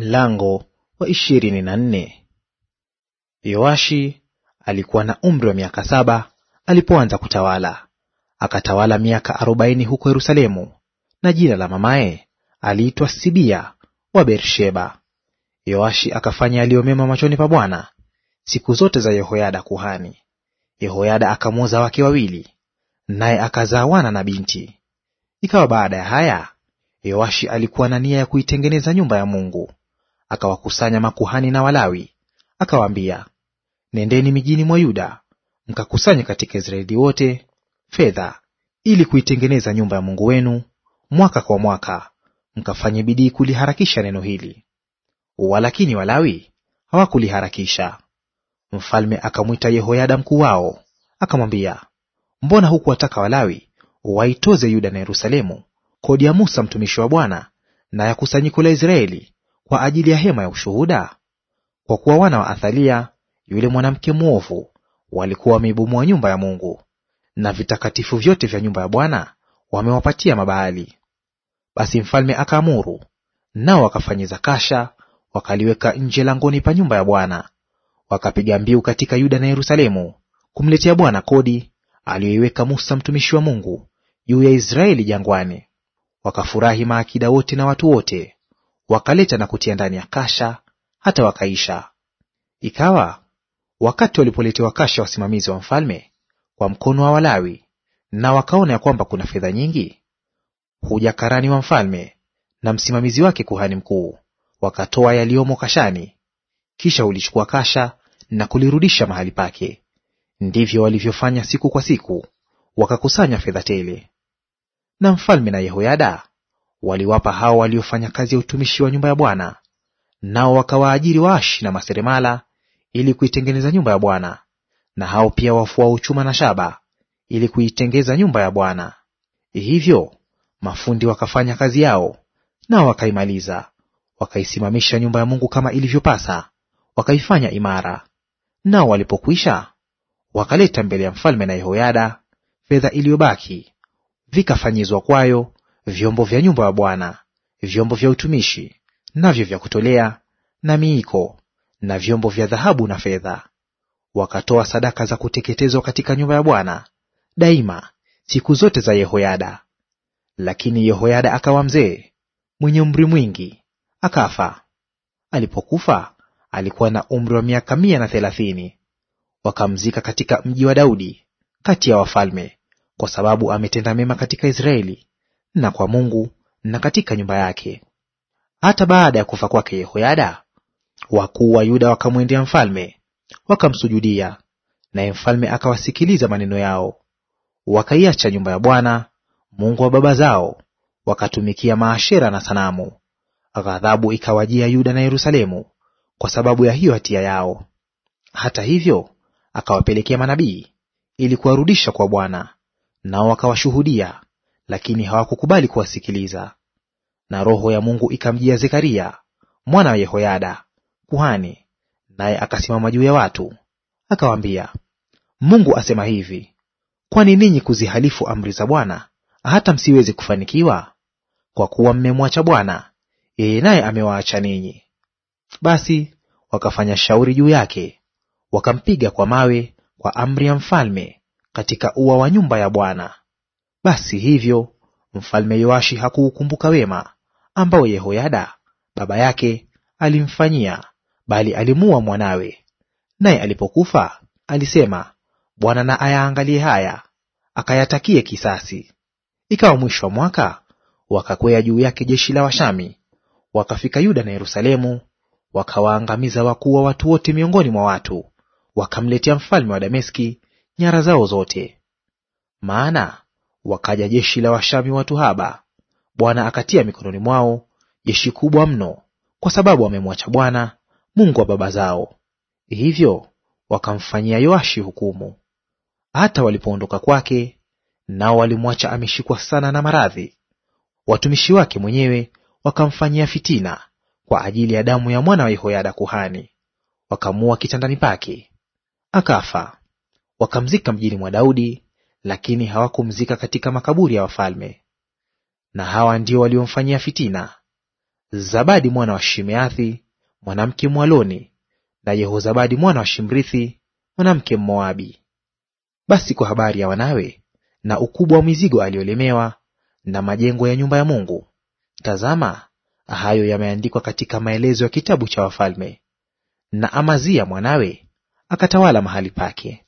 Mlango wa ishirini na nne. Yoashi alikuwa na umri wa miaka saba alipoanza kutawala, akatawala miaka arobaini huko Yerusalemu, na jina la mamaye aliitwa Sibia wa Bersheba. Yoashi akafanya aliyomema machoni pa Bwana siku zote za Yehoyada kuhani. Yehoyada akamwoza wake wawili, naye akazaa wana na binti. Ikawa baada ya haya, Yoashi alikuwa na nia ya kuitengeneza nyumba ya Mungu akawakusanya makuhani na Walawi, akawaambia, nendeni mijini mwa Yuda mkakusanye katika Israeli wote fedha ili kuitengeneza nyumba ya Mungu wenu mwaka kwa mwaka, mkafanye bidii kuliharakisha neno hili. Walakini Walawi hawakuliharakisha. Mfalme akamwita Yehoyada mkuu wao, akamwambia, mbona hukuwataka Walawi waitoze Yuda na Yerusalemu kodi ya Musa mtumishi wa Bwana na ya kusanyiko la Israeli kwa ajili ya hema ya ushuhuda? Kwa kuwa wana wa Athalia yule mwanamke mwovu walikuwa wameibomoa nyumba ya Mungu, na vitakatifu vyote vya nyumba ya Bwana wamewapatia Mabaali. Basi mfalme akaamuru, nao wakafanyiza kasha, wakaliweka nje langoni pa nyumba ya Bwana. Wakapiga mbiu katika Yuda na Yerusalemu kumletea Bwana kodi aliyoiweka Musa mtumishi wa Mungu juu ya Israeli jangwani. Wakafurahi maakida wote na watu wote, wakaleta na kutia ndani ya kasha hata wakaisha. Ikawa wakati walipoletewa kasha wasimamizi wa mfalme kwa mkono wa Walawi, na wakaona ya kwamba kuna fedha nyingi, huja karani wa mfalme na msimamizi wake kuhani mkuu, wakatoa yaliyomo kashani, kisha ulichukua kasha na kulirudisha mahali pake. Ndivyo walivyofanya siku kwa siku, wakakusanya fedha tele. Na mfalme na Yehoyada waliwapa hao waliofanya kazi ya utumishi wa nyumba ya Bwana, nao wakawaajiri waashi na maseremala ili kuitengeneza nyumba ya Bwana, na hao pia wafua uchuma na shaba ili kuitengeza nyumba ya Bwana. Hivyo mafundi wakafanya kazi yao, nao wakaimaliza, wakaisimamisha nyumba ya Mungu kama ilivyopasa, wakaifanya imara. Nao walipokwisha, wakaleta mbele ya mfalme na Yehoyada fedha iliyobaki, vikafanyizwa kwayo vyombo vya nyumba ya Bwana, vyombo vya utumishi, navyo vya kutolea, na miiko, na vyombo vya dhahabu na fedha. Wakatoa sadaka za kuteketezwa katika nyumba ya Bwana daima siku zote za Yehoyada. Lakini Yehoyada akawa mzee mwenye umri mwingi, akafa. Alipokufa alikuwa na umri wa miaka mia na thelathini. Wakamzika katika mji wa Daudi kati ya wafalme, kwa sababu ametenda mema katika Israeli na kwa Mungu na katika nyumba yake. Hata baada ya kufa kwake Yehoyada, wakuu wa Yuda wakamwendea mfalme wakamsujudia, naye mfalme akawasikiliza maneno yao. Wakaiacha nyumba ya Bwana Mungu wa baba zao, wakatumikia maashera na sanamu. Ghadhabu ikawajia Yuda na Yerusalemu kwa sababu ya hiyo hatia yao. Hata hivyo, akawapelekea manabii ili kuwarudisha kwa Bwana, nao wakawashuhudia lakini hawakukubali kuwasikiliza. Na roho ya Mungu ikamjia Zekaria mwana wa Yehoyada kuhani, naye akasimama juu ya watu akawaambia, Mungu asema hivi, kwani ninyi kuzihalifu amri za Bwana hata msiwezi kufanikiwa? Kwa kuwa mmemwacha Bwana, yeye naye amewaacha ninyi. Basi wakafanya shauri juu yake, wakampiga kwa mawe kwa amri ya mfalme katika ua wa nyumba ya Bwana. Basi hivyo mfalme Yoashi hakuukumbuka wema ambao Yehoyada baba yake alimfanyia, bali alimuua mwanawe. Naye alipokufa alisema, Bwana na ayaangalie haya, akayatakie kisasi. Ikawa mwisho wa mwaka, wakakwea juu yake jeshi la Washami, wakafika Yuda na Yerusalemu, wakawaangamiza wakuu wa watu wote miongoni mwa watu, wakamletea mfalme wa Dameski nyara zao zote. Maana Wakaja jeshi la Washami watu haba, Bwana akatia mikononi mwao jeshi kubwa mno, kwa sababu wamemwacha Bwana Mungu wa baba zao. Hivyo wakamfanyia Yoashi hukumu. Hata walipoondoka kwake, nao walimwacha ameshikwa sana na maradhi, watumishi wake mwenyewe wakamfanyia fitina kwa ajili ya damu ya mwana wa Yehoyada kuhani, wakamuua kitandani pake, akafa. Wakamzika mjini mwa Daudi lakini hawakumzika katika makaburi ya wafalme. Na hawa ndio waliomfanyia fitina: Zabadi mwana wa Shimeathi, mwanamke Mwaloni, na Yehozabadi mwana wa Shimrithi, mwanamke Mmoabi. Basi kwa habari ya wanawe na ukubwa wa mizigo aliyolemewa na majengo ya nyumba ya Mungu, tazama, hayo yameandikwa katika maelezo ya kitabu cha wafalme. Na Amazia mwanawe akatawala mahali pake.